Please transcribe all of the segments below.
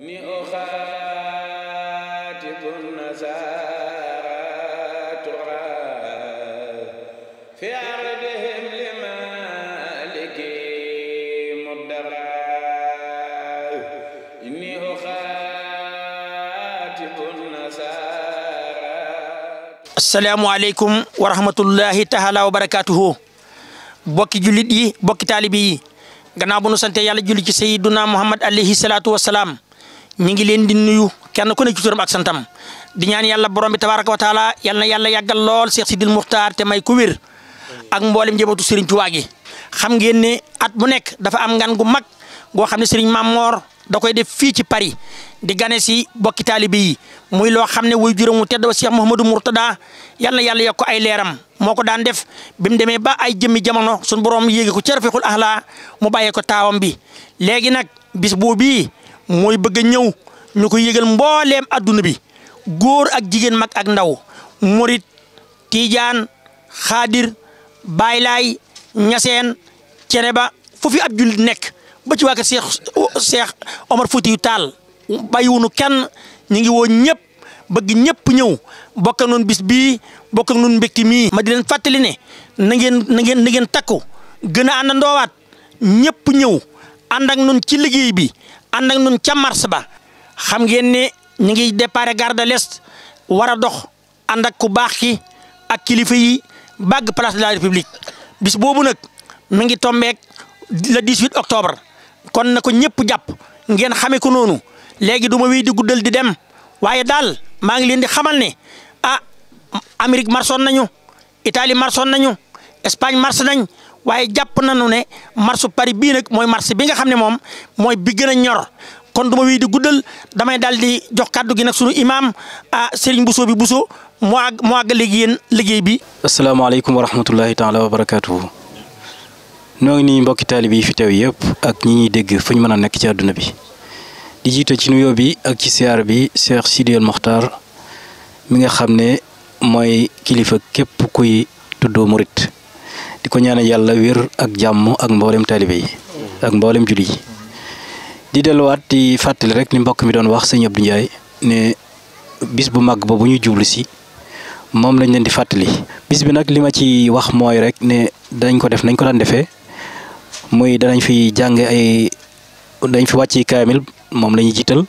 ni oxaatiku nasaara tura fi ardihim li maliki muddara ni oxaatiku nasaara asalaamualeykum wa rahmatullahi taala wa barakatuhu bokki jullit yi bokki taalibi yi gannaaw bu nu sante yàlla julli ci sayyiduna muhammad alayhi salaatu wa salaam ñu ngi leen di nuyu kenn ku ne ci turam ak santam di ñaan yàlla borom bi tabaaraka wa taala yal na yàlla yàggal lool Cheikh Sidil Muxtaar te may ku wér ak mboolem njabootu Serigne Touba gi xam ngeen ne at bu nekk dafa am ngan gu mag goo xam ne Serigne Mame Mor da koy def fii ci Paris di gane si bokki taalibe yi muy loo xam ne wuy juróom mu tedd wa Cheikh Mouhamadou Mourtada yal na yàlla yokk ay leeram moo ko daan def bi mu demee ba ay jëmmi jamono sun borom yéegi ko ca rafixul ahla mu bàyyee ko taawam bi léegi nag mooy bëgg ñëw ñu ko yëgal mbooleem adduna bi góor ak jigéen mag ak ndaw murit tiijaan xaadir baylay ñaseen cere ba fu fi ab jullit nekk ba ci waa kër seex seex Omar Foutiyou Tall bàyyiwunu kenn ñu ngi woo ñëpp bëgg ñëpp ñëw bokk ak noonu bis bii bokk ak noonu mii. ma di leen fàttali ne na ngeen na ngeen ngeen takku gën a àndandoowaat ñëpp ñëw ànd ak ci liggéey bi ànd ak nun ca mars ba xam ngeen ni ñu ngi départ gare de l'Est war a dox ànd ak ku baax ki ak kilifa yi bàgg place de la république bis boobu nag mi ngi tombeek le 18 octobre kon na ko ñëpp jàpp ngeen xamee noonu léegi du ma wéy di guddal di dem waaye daal maa ngi leen di xamal ne ah Amérique marsoon nañu Italie marsoon nañu Espagne mars nañ waaye jàpp nañu ne marsu Paris bii nag mooy marché bi nga xam ne moom mooy bi gën a ñor kon du ma wii di guddal damay daal di jox kàddu gi nag sunu imaam ah Serigne Bousso bi Bousso moo àgg moo àgg léegi yéen liggéey bi. asalaamaaleykum wa rahmatullahi taala wa barakaatuhu. noo ngi nii mbokki taalibe yi fi teew yëpp ak ñi ñuy dégg fu ñu mën a nekk ci àdduna bi. di jiite ci nuyoo bi ak ci siyaar bi Cheikh Sidi El Mokhtar mi nga xam ne mooy kilifa képp kuy tuddoo murit di ko ñaanal yàlla wér ak jàmm ak mboolem taalibe yi ak mboolem julli yi di delluwaat di fàttali rek li mbokk mi doon wax sëñ Abdou Ndiaye ne bis bu mag ba bu ñu jublu si moom lañ leen di fàttali bis bi nag li ma ci wax mooy rek ne dañ ko def nañ ko daan defee muy danañ fi jàng ay dañ fi wàcc kaamil moom lañuy ñuy jiital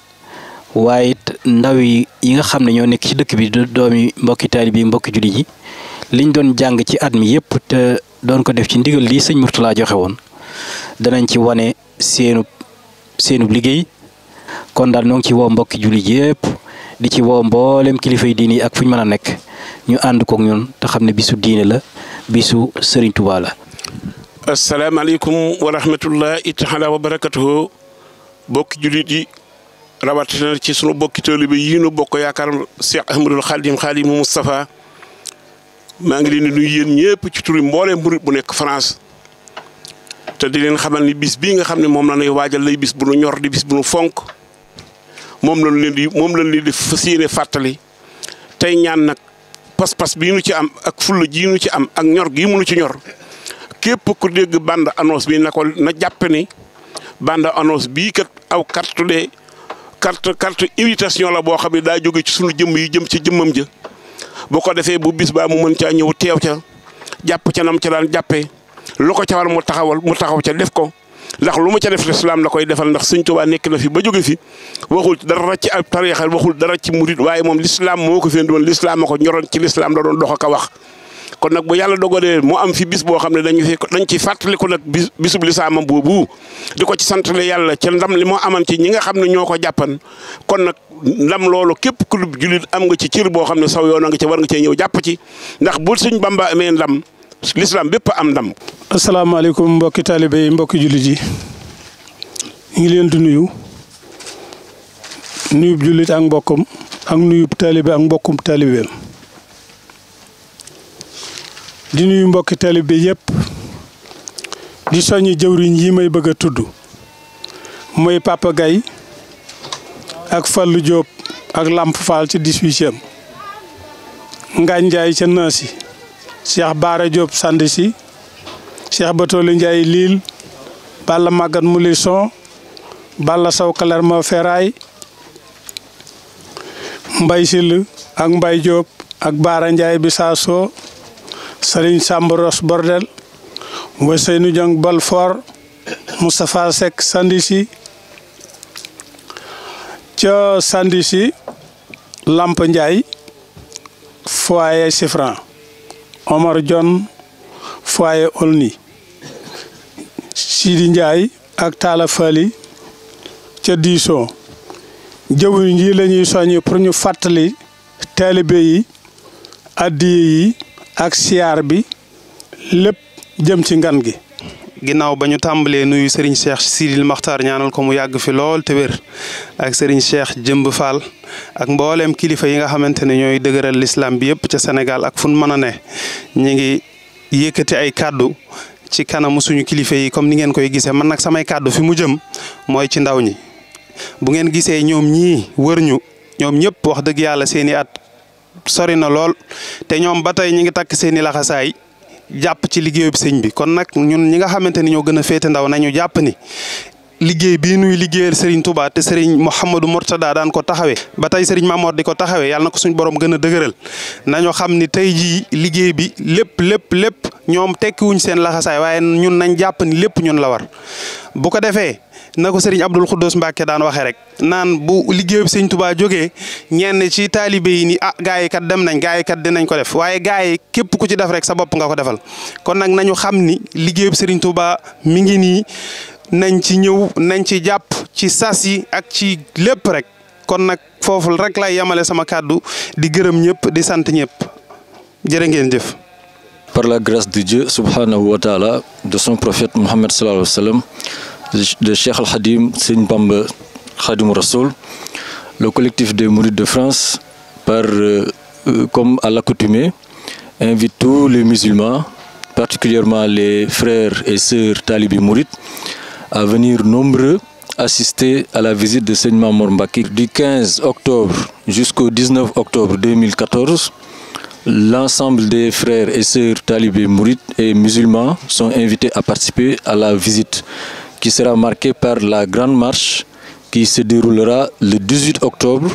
waaye it ndaw yi yi nga xam ne ñoo nekk ci dëkk bi doomi mbokki taali bi mbokki julli yi liñ doon jàng ci at mi yëpp doon ko def ci ndigal lii sëñ Mourtala joxe woon danañ ci wane seenub seenub liggéey kon daal ñoo ngi ci woo mbokki jullit yépp di ci woo mboolem kilifay diini yi ak fu ñu mën a nekk ñu ànd kook ñun te xam ne bisu diine la bisu Serigne Touba la. asalaamaaleykum wa rahmatullahi taala wa barakatuhu bokki jullit yi rawatina ci sunu bokki taalibe yi nu bokk yaakaar Cheikh Ahmadul Xaadim Xaadimu Mustafa maa ngi leen di nuyu yéen ñëpp ci turi mboolee mburi bu nekk France te di leen xamal ni bis bii nga xam ne moom la ñuy waajal lay bis bu nu ñor di bis bu nu fonk moom lañ leen di moom lañ leen di fas fàttali tey ñaan nag pas-pas bii nu ci am ak fulla jii nu ci am ak ñor gii mu nu ci ñor képp ku dégg bande annonce bi na ko na jàppe ni bande annonce bii kat aw carte de carte carte invitation la boo xam ne daa jóge ci sunu jëmm yi jëm ci jëmmam ja bu ko defee bu bis baa mu mën caa ñëw teew ca jàpp ca nam ca daan jàppee lu ko ca war mu taxawal mu taxaw ca def ko ndax lu mu ca def lislaam la koy defal ndax sëñ waa nekk na fi ba jóge fi waxul dara ci ab tariixa waxul dara ci murit waaye moom lislaam moo ko fi indi woon lislaam ko ñoroon ci lislaam la doon dox ak a wax kon nag bu yàlla dogalee mu am fi bis boo xam ne dañu fi dañ ci fàttaliku nag bis bisub lislaamam boobu di ko ci santale yàlla ca ndam li moo aman ci ñi nga xam ne ñoo ko jàppan kon nag ndam loolu képp kulub julit am nga ci cër boo xam ne saw yoon a nga ci war nga cee ñëw jàpp ci ndax bu suñ bamba amee ndam lislaam bépp am ndam. asalaamaaleykum mbokki taalibe yi mbokki jullit yi ñu ngi leen di nuyu nuyub jullit ak mbokkum ak nuyub taalibe ak mbokkum taalibeem di nuyu mbokki taalibe yépp di soññi jëwriñ yi may bëgg a tudd mooy Papa Gaye ak Fallou Diop ak Lamp Fall ci dix-huitième Ngagne Ndiaye ca Nancy Cheikh Baara Diop Sandisi Cheikh Batoli Ndiaye Lille Balla Magat Moulisson Balla Sow Clermont Ferraille Mbaye Sill ak Mbaye Diop ak Baara Ndiaye Bissasoo sëriñ Samba Ross Bordel mooy Seynou Dieng Balfour Moustapha Seck Sandisi ca Sandisi Lamp Ndiaye foyer Sifran Omar Dione foyer Olni Sidi Ndiaye ak Talla ca diisoo jëwriñ yi la soññi pour ñu fàttali taalibe yi addiye yi ak siyaar bi lépp jëm ci ngan gi. ginnaaw ba ñu tàmbalee nuyu Serigne Cheikh Sidil maxtar ñaanal ko mu yàgg fi lool te wér ak Serigne Cheikh Jëmb Fall ak mbooleem kilifa yi nga xamante ne ñooy dëgëral lislaam bi yëpp ca Sénégal ak fu nu mën a ne ñu ngi yëkkati ay kàddu ci kanamu suñu kilifa yi comme ni ngeen koy gisee man nag samay kàddu fi mu jëm mooy ci ndaw ñi bu ngeen gisee ñoom ñii wër ñu ñoom ñëpp wax dëgg yàlla seeni at sori na lool te ñoom ba tey ñi ngi takk seen i laxasaay jàpp ci liggéeyub sëñ bi kon nag ñun ñi nga xamante ni ñoo gën a féete ndaw nañu jàpp ni liggéey bii nuy liggéeyal Serigne Touba te Serigne Mouhamadou Mourtada daan ko taxawee ba tey Serigne Mamor di ko taxawee yàlla ko suñ borom gën a dëgëral nañoo xam ni tey jii liggéey bi lépp lépp lépp ñoom tekkiwuñ seen laxasaay waaye ñun nañ jàpp ni lépp ñun la war bu ko defee na ko sëriñ Abdul Xuddoos Mbàkke daan waxee rek naan bu liggéeyub sëñ tubaa jógee ñeen ci taalibe yi ni ah gaa yi kat dem nañ gaa yi kat dinañ ko def waaye gaa yi képp ku ci def rek sa bopp nga ko defal kon nag nañu xam ni liggéey liggéeyub sëriñ Tuubaa mi ngi nii nañ ci ñëw nañ ci jàpp ci sas yi ak ci lépp rek kon nag foofu rek lay yemale sama kàddu di gërëm ñëpp di sant ñëpp jërë ngeen jëf. Par la grâce de Dieu subhanahu wa taala de son de Cheikh Al Khadim Seigne Bamba Rassoul, le collectif des Mourides de France, par, euh, euh, comme à l'accoutumée, invite tous les musulmans, particulièrement les frères et sœurs talibi mourides, à venir nombreux assister à la visite de Seigne Mamour Mbacké du 15 octobre jusqu'au 19 octobre 2014. L'ensemble des frères et sœurs talibés mourides et musulmans sont invités à participer à la visite qui sera marqué par la grande marche qui se déroulera le 18 octobre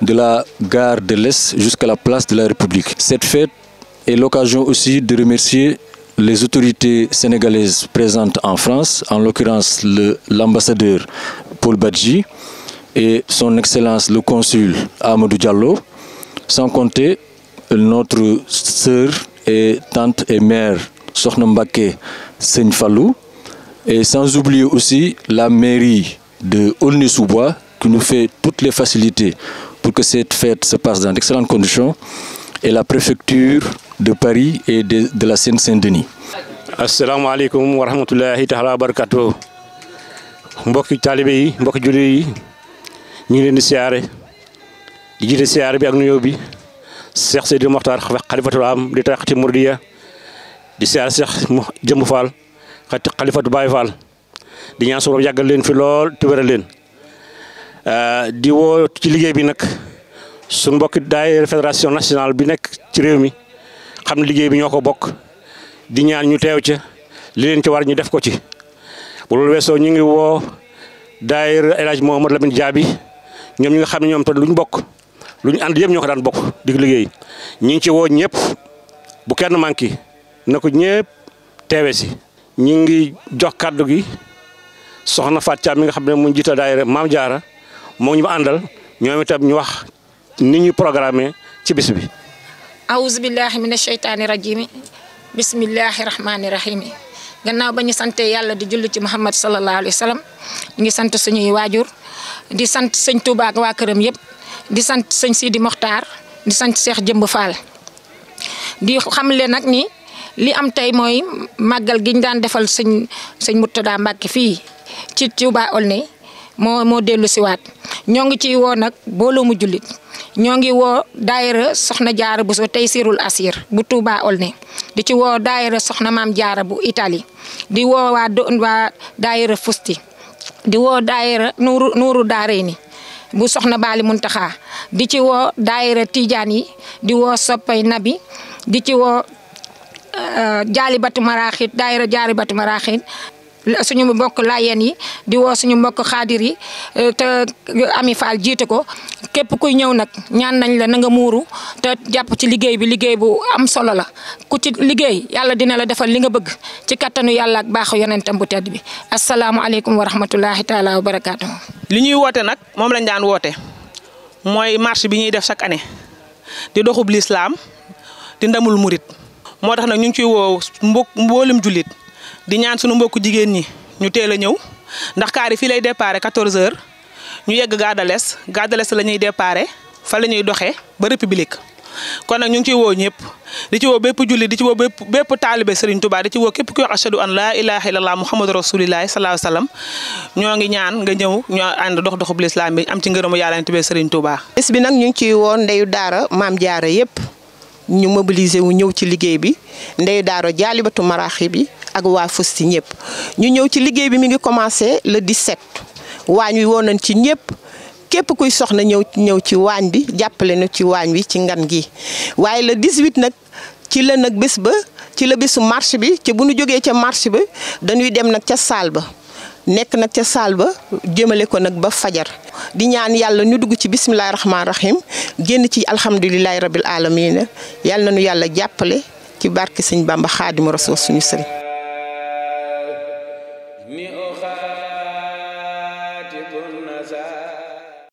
de la gare de l'Est jusqu'à la place de la République. Cette fête aussi de remercier les autorités sénégalaises présentes en France, en l'occurrence l'ambassadeur Paul Badji et son Excellence le consul Amadou Diallo, sans compter notre tante et mère Sokhna Mbacké Seigne Fallou, Et sans oublier aussi la mairie de Aulnay-sous-Bois qui nous fait toutes les facilités pour que cette fête se passe dans d'excellentes conditions et la préfecture de Paris et de, de la Seine-Saint-Denis. Assalamu alaikum wa rahmatullahi ta'ala wa barakatuh. taalibe yi mbokki jullit yi ñu ngi leen di siyaare di jiite siyaare bi ak nuyoo bi Cheikh Seydil Mokhtar am di tariqati Mouridiya di siyaare Cheikh Jëmb Fall xalifatu Baye Fall di ñaan suñu yàggal leen fi lool te wéral leen euh, di woo ci liggéey bi nag suñ mbokki daayira fédération nationale bi nekk ci réew mi xam ne liggéey bi ñoo ko bokk di ñaan ñu teew ca li leen ci war ñu def ko ci bu loolu weesoo ñu ngi woo daayira moom Hadj Mohamed Lamine Diaby ñoom ñi nga xam ne ñoom tamit lu ñu bokk lu ñu ànd yëpp ñoo ko daan bokk di liggéey ñu ngi ci woo ñëpp bu kenn manqué na ko ñëpp teewe si ñu ngi jox kàddu gi soxna Fatou Thiam mi nga xam ne mu jiite daayira Maam Jaara moo ñu àndal ñoom itam ñu wax ni ñu programme ci bis bi. awuzu billahi mina shaytaani rajimi bismillahi rahmaani rahimi gannaaw ba ñu sante yàlla di julli ci Muhammad sallallahu alayhi wa sallam ngi sant suñuy waajur di sant sëñ Touba ak waa këram yëpp di sant sëñ Sidi Mokhtar di sant Cheikh Jëmb Fall di xamle nag ni. li am tey mooy màggal giñ daan defal sëñ sëñ Murtada Mbàkke fii ci Touba Aulnay moo moo dellu siwaat ñoo ngi ciy woo nag booloo mu ñoo ngi woo daayira soxna jaara bu so tey sirul asir bu Touba Aulnay di ci woo daayira soxna maam jaara bu itali di woo waa do waa fusti di woo daayira nuuru nuuru daaree ni bu soxna baali muntaxaa di ci woo daayira tijaan yi di woo soppay nabi di ci woo Euh, jaali batu maraaxit daayira jaali batu suñu mbokk laayeen yi di woo suñu mbokk xaadir yi euh, te euh, Ami Fall jiite ko képp kuy ñëw nag ñaan nañ la na nga muuru te jàpp ci liggéey bi liggéey bu am solo la ku ci liggéey yàlla dina la defal li nga bëgg ci kattanu yàlla baax yonentam bu tedd bi asalaamualeykum wa rahmatullahi taala wa barakaatu. li ñuy woote nag moom lañ daan woote mooy marche bi ñuy def chaque année di doxub lislaam di ndamul murit moo tax nag ñu ngi ciy woo mbokk mboolum jullit di ñaan sunu mbokku jigéen ñi ñu teel a ñëw ndax kaar yi fii lay déparé 14h ñu yegg Gadales Gadales la ñuy déparé fa la ñuy doxee ba république kon nag ñu ngi ciy woo ñëpp di ci woo bépp jullit di ci woo bépp bépp taalibe Serigne Touba di ci woo képp kuy wax ashadu an laa ilaha illallah muhammadu rasulillahi salaahu salaam ñoo ngi ñaan nga ñëw ñoo ànd dox doxub lislaam bi am ci ngërëmu yàlla tubee Serigne Touba. es bi nag ñu ngi ciy woo ndeyu daara maam jaara yëpp. ñu mobiliser wu ñëw ci liggéey bi ndey daaro jaalibatu maraaxi bi ak waa Fosti ñëpp ñu ñëw ci liggéey bi mi ngi commencé le disset waañ wi woon nañ ci ñëpp képp kuy soxna ñëw ñëw ci waañ bi jàppale na ci waañ wi ci ngan gi waaye le 18 nag ci la nag bés ba ci la bésu marche bi ci bu ñu jógee ca marche bi dañuy dem nag ca salle ba. nekk nag ca saal ba jëmale ko nag ba fajar di ñaan yàlla ñu dugg ci bisimilah rahmaani rahim génn ci alhamdulilah rabil aalamiina yàlla na nu yàlla jàppale ci barke sëñ Bamba xaadimu rasul suñu sëriñ.